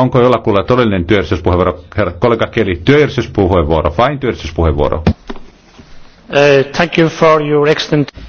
Onko jollakulla todellinen työllisyyspuheenvuoro? Herra kollega Keli, työllisyyspuheenvuoro, vain työllisyyspuheenvuoro. Uh, thank you for your excellent...